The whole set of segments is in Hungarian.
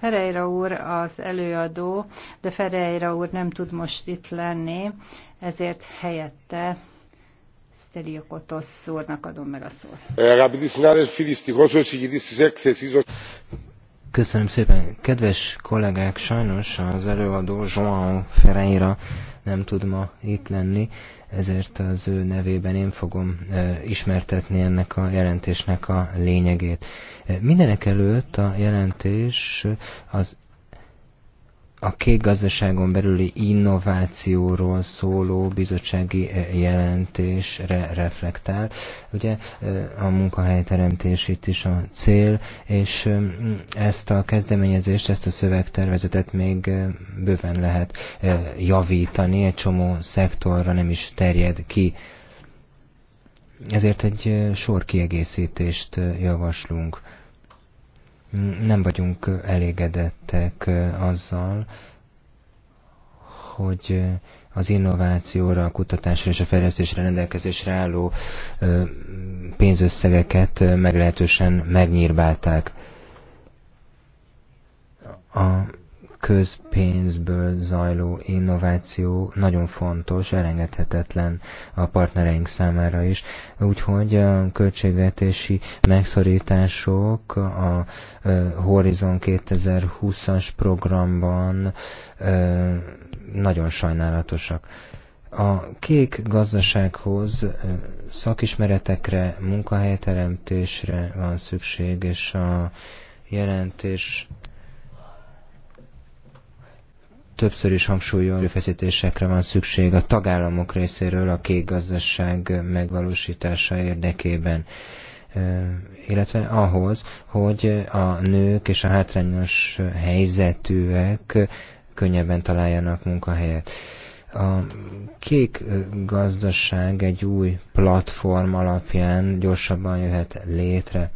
Pereira úr az előadó, de Pereira úr nem tud most itt lenni, ezért helyette Steliokotos úrnak adom meg a szót. Köszönöm szépen. Kedves kollégák, sajnos az előadó João Ferreira nem tud ma itt lenni, ezért az ő nevében én fogom ismertetni ennek a jelentésnek a lényegét. Mindenek előtt a jelentés az a kék gazdaságon belüli innovációról szóló bizottsági eh, jelentésre reflektál. Ugye eh, a munkahelyteremtés itt is a cél, és mm, ezt a kezdeményezést, ezt a szövegtervezetet még eh, bőven lehet javítani, egy csomó szektorra nem is terjed ki. Ezért egy sor kiegészítést javaslunk nem vagyunk elégedettek azzal, hogy az innovációra, a kutatásra és a fejlesztésre rendelkezésre álló pénzösszegeket meglehetősen megnyírbálták. A közpénzből zajló innováció nagyon fontos, elengedhetetlen a partnereink számára is. Úgyhogy a költségvetési megszorítások a Horizon 2020-as programban nagyon sajnálatosak. A kék gazdasághoz szakismeretekre, munkahelyteremtésre van szükség, és a jelentés többször is hangsúlyozó erőfeszítésekre van szükség a tagállamok részéről a kék gazdaság megvalósítása érdekében illetve ahhoz, hogy a nők és a hátrányos helyzetűek könnyebben találjanak munkahelyet. A kék gazdaság egy új platform alapján gyorsabban jöhet létre.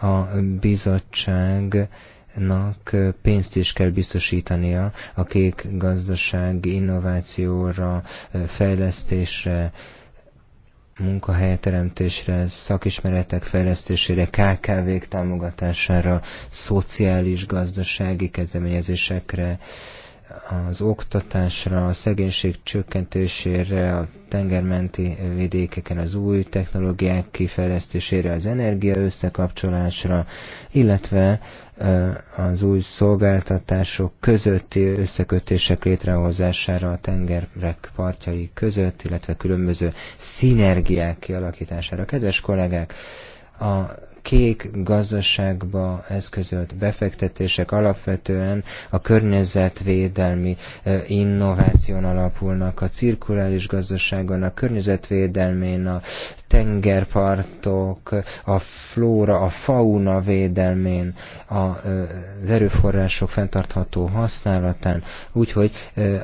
A bizottság nak pénzt is kell biztosítania a kék gazdaság innovációra, fejlesztésre, munkahelyteremtésre, szakismeretek fejlesztésére, KKV-k támogatására, szociális gazdasági kezdeményezésekre, az oktatásra, a szegénység csökkentésére, a tengermenti vidékeken az új technológiák kifejlesztésére, az energia összekapcsolásra, illetve az új szolgáltatások közötti összekötések létrehozására a tengerek partjai között, illetve különböző szinergiák kialakítására. Kedves kollégák, a kék gazdaságba eszközölt befektetések alapvetően a környezetvédelmi e, innováción alapulnak, a cirkuláris gazdaságon, a környezetvédelmén, a tengerpartok, a flóra, a fauna védelmén, az erőforrások fenntartható használatán. Úgyhogy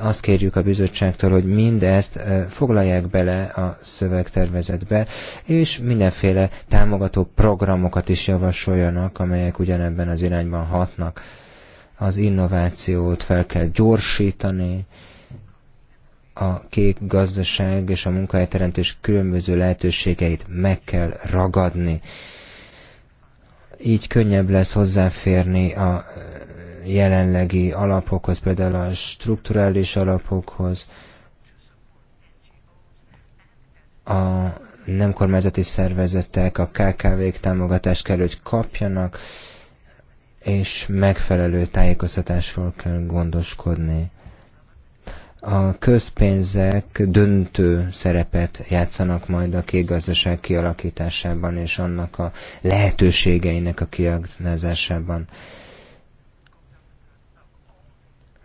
azt kérjük a bizottságtól, hogy mindezt foglalják bele a szövegtervezetbe, és mindenféle támogató programokat is javasoljanak, amelyek ugyanebben az irányban hatnak. Az innovációt fel kell gyorsítani, a kék gazdaság és a munkahelyteremtés különböző lehetőségeit meg kell ragadni. Így könnyebb lesz hozzáférni a jelenlegi alapokhoz, például a strukturális alapokhoz, a nem kormányzati szervezetek, a KKV-k támogatást kell, hogy kapjanak, és megfelelő tájékoztatásról kell gondoskodni a közpénzek döntő szerepet játszanak majd a kék gazdaság kialakításában és annak a lehetőségeinek a kiaknázásában.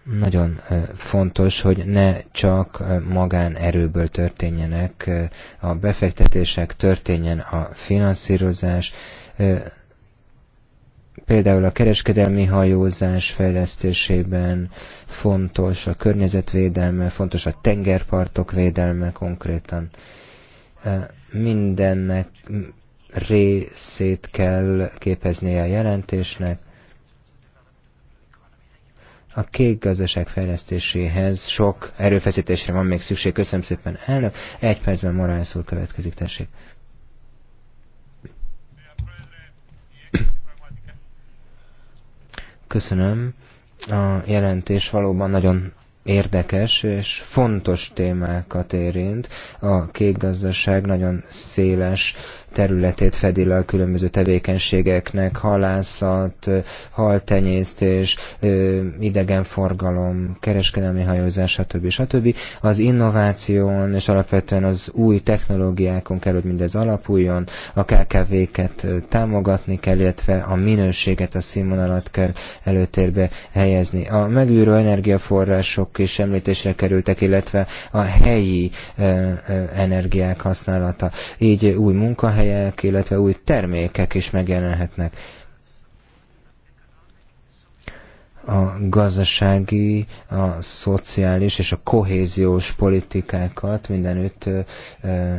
Nagyon fontos, hogy ne csak magánerőből történjenek a befektetések, történjen a finanszírozás, például a kereskedelmi hajózás fejlesztésében fontos a környezetvédelme, fontos a tengerpartok védelme konkrétan. Mindennek részét kell képeznie a jelentésnek. A kék gazdaság fejlesztéséhez sok erőfeszítésre van még szükség. Köszönöm szépen, elnök. Egy percben Morales úr következik, tessék. Köszönöm. A jelentés valóban nagyon érdekes és fontos témákat érint. A kék gazdaság nagyon széles területét fedi le a különböző tevékenységeknek, halászat, haltenyésztés, idegenforgalom, kereskedelmi hajózás, stb. stb. Az innováción és alapvetően az új technológiákon kell, hogy mindez alapuljon, a KKV-ket támogatni kell, illetve a minőséget, a színvonalat kell előtérbe helyezni. A megűrő energiaforrások energiák is említésre kerültek, illetve a helyi energiák használata. Így új munkahelyek, illetve új termékek is megjelenhetnek a gazdasági, a szociális és a kohéziós politikákat mindenütt ö, ö,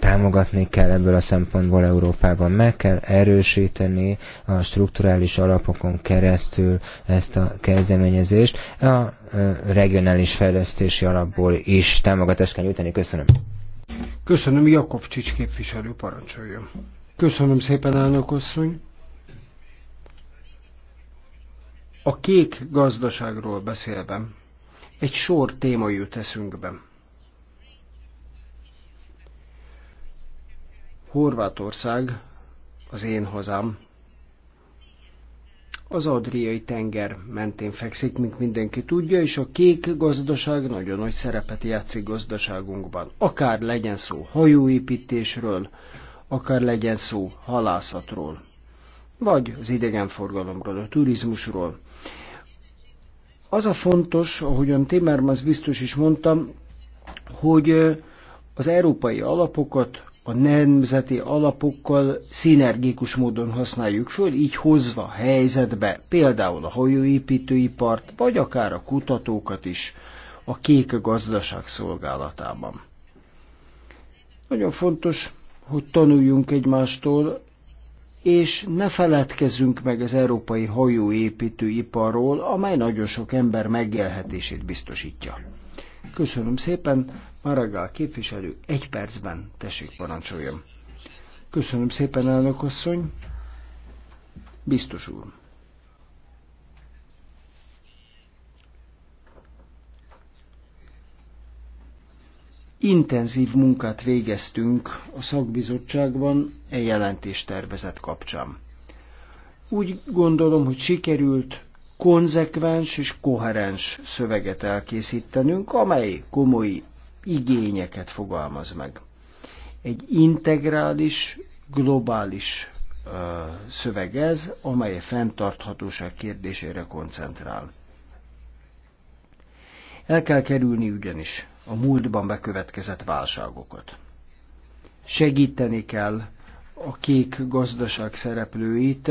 támogatni kell ebből a szempontból Európában. Meg kell erősíteni a strukturális alapokon keresztül ezt a kezdeményezést. A regionális fejlesztési alapból is támogatást kell nyújtani. Köszönöm. Köszönöm, Jakovcsics képviselő parancsoljon. Köszönöm szépen, elnök asszony. A kék gazdaságról beszélve egy sor téma jut eszünkbe Horvátország, az én hazám, az Adriai tenger mentén fekszik, mint mindenki tudja, és a kék gazdaság nagyon nagy szerepet játszik gazdaságunkban. Akár legyen szó hajóépítésről, akár legyen szó halászatról, vagy az idegenforgalomról, a turizmusról. Az a fontos, ahogyan Timmermans biztos is mondtam, hogy az európai alapokat a nemzeti alapokkal szinergikus módon használjuk föl, így hozva helyzetbe például a hajóépítőipart, vagy akár a kutatókat is a kék gazdaság szolgálatában. Nagyon fontos, hogy tanuljunk egymástól, és ne feledkezzünk meg az európai hajóépítőiparról, amely nagyon sok ember megélhetését biztosítja. Köszönöm szépen. Maragall képviselő egy percben tessék parancsoljon. Köszönöm szépen, elnök asszony. Biztos úr. Intenzív munkát végeztünk a szakbizottságban e jelentéstervezet kapcsán. Úgy gondolom, hogy sikerült konzekvens és koherens szöveget elkészítenünk, amely komoly igényeket fogalmaz meg. Egy integrális, globális ö, szöveg ez, amely a fenntarthatóság kérdésére koncentrál. El kell kerülni ugyanis a múltban bekövetkezett válságokat. Segíteni kell a kék gazdaság szereplőit,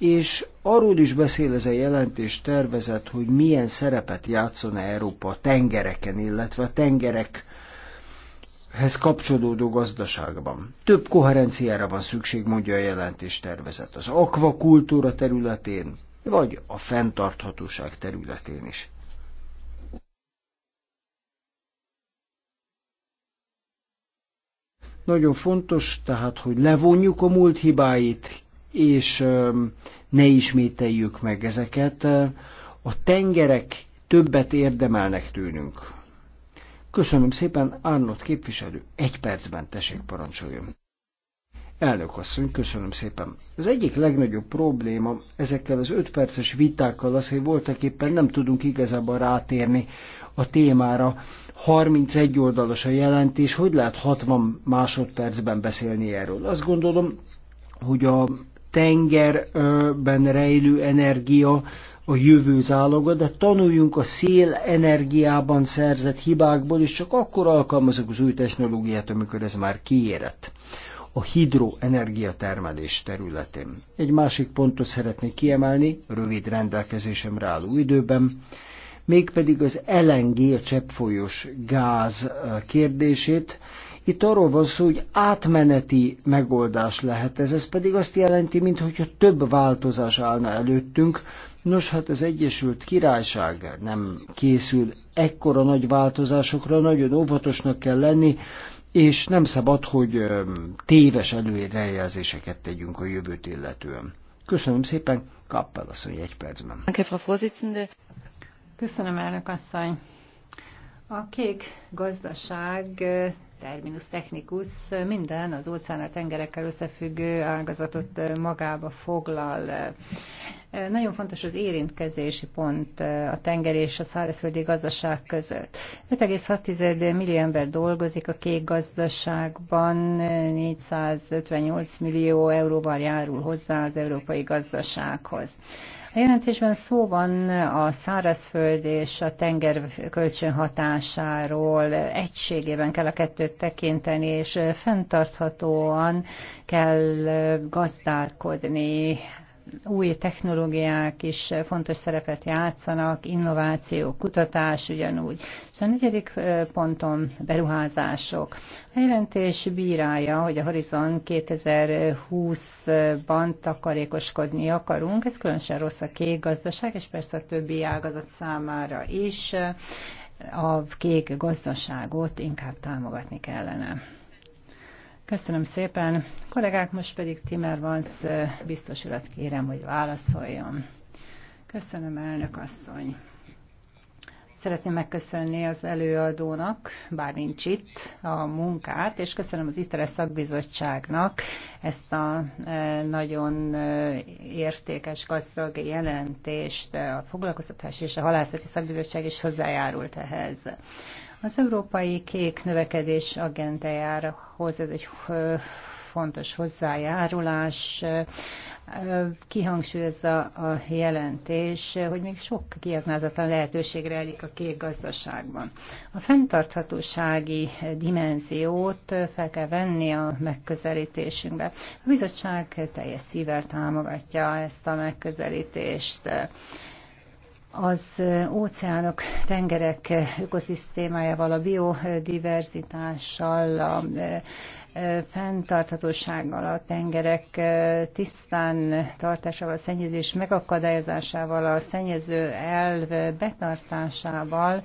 és arról is beszél ez a jelentés tervezet, hogy milyen szerepet játszon -e Európa a tengereken, illetve a tengerek hez kapcsolódó gazdaságban. Több koherenciára van szükség, mondja a jelentés tervezet, az akvakultúra területén, vagy a fenntarthatóság területén is. Nagyon fontos tehát, hogy levonjuk a múlt hibáit, és ne ismételjük meg ezeket. A tengerek többet érdemelnek tőlünk. Köszönöm szépen, Arnott képviselő, egy percben tessék parancsoljon. Elnök asszony, köszönöm szépen. Az egyik legnagyobb probléma ezekkel az öt perces vitákkal az, hogy voltak éppen nem tudunk igazából rátérni a témára. 31 oldalas a jelentés, hogy lehet 60 másodpercben beszélni erről? Azt gondolom, hogy a tengerben rejlő energia a jövő záloga, de tanuljunk a szél energiában szerzett hibákból, és csak akkor alkalmazok az új technológiát, amikor ez már kiérett a hidroenergia termelés területén. Egy másik pontot szeretnék kiemelni, rövid rendelkezésemre álló időben, mégpedig az LNG, a cseppfolyós gáz kérdését. Itt arról van szó, hogy átmeneti megoldás lehet ez, ez pedig azt jelenti, mintha több változás állna előttünk. Nos, hát az Egyesült Királyság nem készül ekkora nagy változásokra, nagyon óvatosnak kell lenni, és nem szabad, hogy téves előrejelzéseket tegyünk a jövőt illetően. Köszönöm szépen, Kappel asszony egy percben. Köszönöm, elnök asszony. A kék gazdaság terminus technicus minden az óceán a tengerekkel összefüggő ágazatot magába foglal. Nagyon fontos az érintkezési pont a tenger és a szárazföldi gazdaság között. 5,6 millió ember dolgozik a kék gazdaságban, 458 millió euróval járul hozzá az európai gazdasághoz. A jelentésben szó van a szárazföld és a tenger kölcsönhatásáról, egységében kell a kettőt tekinteni, és fenntarthatóan kell gazdálkodni új technológiák is fontos szerepet játszanak, innováció, kutatás ugyanúgy. És a negyedik ponton beruházások. A jelentés bírálja, hogy a Horizon 2020-ban takarékoskodni akarunk. Ez különösen rossz a kék gazdaság, és persze a többi ágazat számára is a kék gazdaságot inkább támogatni kellene. Köszönöm szépen. Kollégák, most pedig Timmermans biztos urat kérem, hogy válaszoljon. Köszönöm, elnök asszony. Szeretném megköszönni az előadónak, bár nincs itt, a munkát, és köszönöm az ITRE szakbizottságnak ezt a nagyon értékes, gazdag jelentést. A foglalkoztatás és a halászati szakbizottság is hozzájárult ehhez. Az európai kék növekedés agendájához ez egy fontos hozzájárulás. Kihangsúlyozza a jelentés, hogy még sok kiaknázatlan lehetőség rejlik a kék gazdaságban. A fenntarthatósági dimenziót fel kell venni a megközelítésünkbe. A bizottság teljes szívvel támogatja ezt a megközelítést az óceánok, tengerek ökoszisztémájával, a biodiverzitással, a fenntarthatósággal, a tengerek tisztán tartásával, a szennyezés megakadályozásával, a szennyező elv betartásával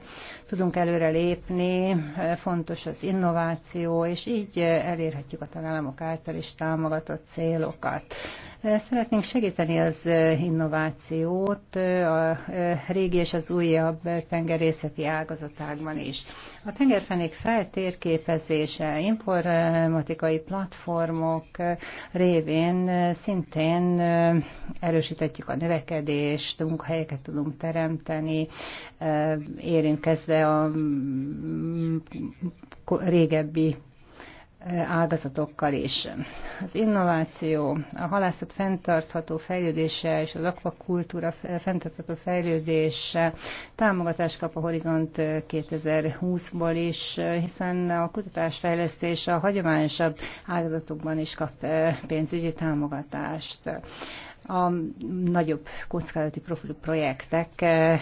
tudunk előre lépni, fontos az innováció, és így elérhetjük a tagállamok által is támogatott célokat. Szeretnénk segíteni az innovációt a régi és az újabb tengerészeti ágazatákban is. A tengerfenék feltérképezése, import informatikai platformok révén szintén erősíthetjük a növekedést, munkahelyeket tudunk teremteni, érintkezve a régebbi ágazatokkal is. Az innováció, a halászat fenntartható fejlődése és az akvakultúra fenntartható fejlődése támogatást kap a Horizont 2020-ból is, hiszen a kutatásfejlesztés a hagyományosabb ágazatokban is kap eh, pénzügyi támogatást a nagyobb kockázati profilú projektek eh,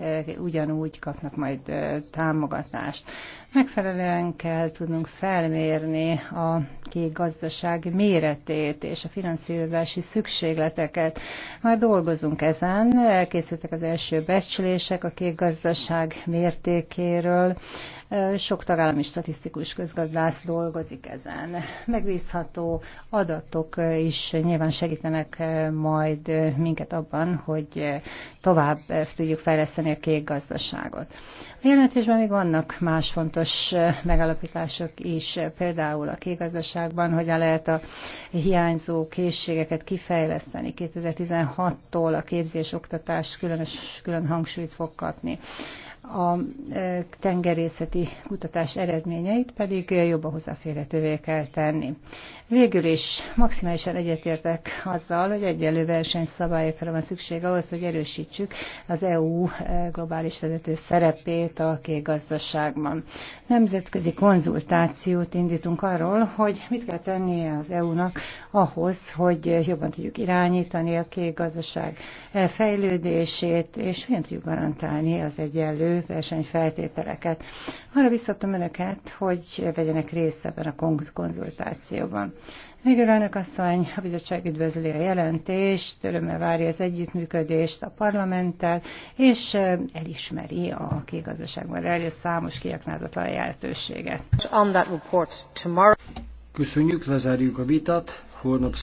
eh, ugyanúgy kapnak majd eh, támogatást. Megfelelően kell tudnunk felmérni a kék gazdaság méretét és a finanszírozási szükségleteket. Már dolgozunk ezen, elkészültek az első becslések a kék gazdaság mértékéről, sok tagállami statisztikus közgazdász dolgozik ezen. Megbízható adatok is nyilván segítenek eh, majd eh, minket abban, hogy eh, tovább tudjuk fejleszteni a kék gazdaságot. A jelentésben még vannak más fontos megalapítások is, például a kék gazdaságban, hogyan lehet a hiányzó készségeket kifejleszteni. 2016-tól a képzés-oktatás különös külön hangsúlyt fog kapni a e, tengerészeti kutatás eredményeit pedig jobban hozzáférhetővé kell tenni. Végül is maximálisan egyetértek azzal, hogy egyenlő versenyszabályokra van szükség ahhoz, hogy erősítsük az EU e, globális vezető szerepét a kék gazdaságban. Nemzetközi konzultációt indítunk arról, hogy mit kell tennie az EU-nak ahhoz, hogy jobban tudjuk irányítani a kék gazdaság e, fejlődését, és hogyan tudjuk garantálni az egyenlő versenyfeltételeket. Arra visszatom önöket, hogy vegyenek részt ebben a konzultációban. Végül elnök asszony, a bizottság üdvözli a jelentést, örömmel várja az együttműködést a parlamenttel, és elismeri a kigazdaságban rejlő számos kiaknázatlan lehetőséget. Köszönjük, lezárjuk a vitát. Holnap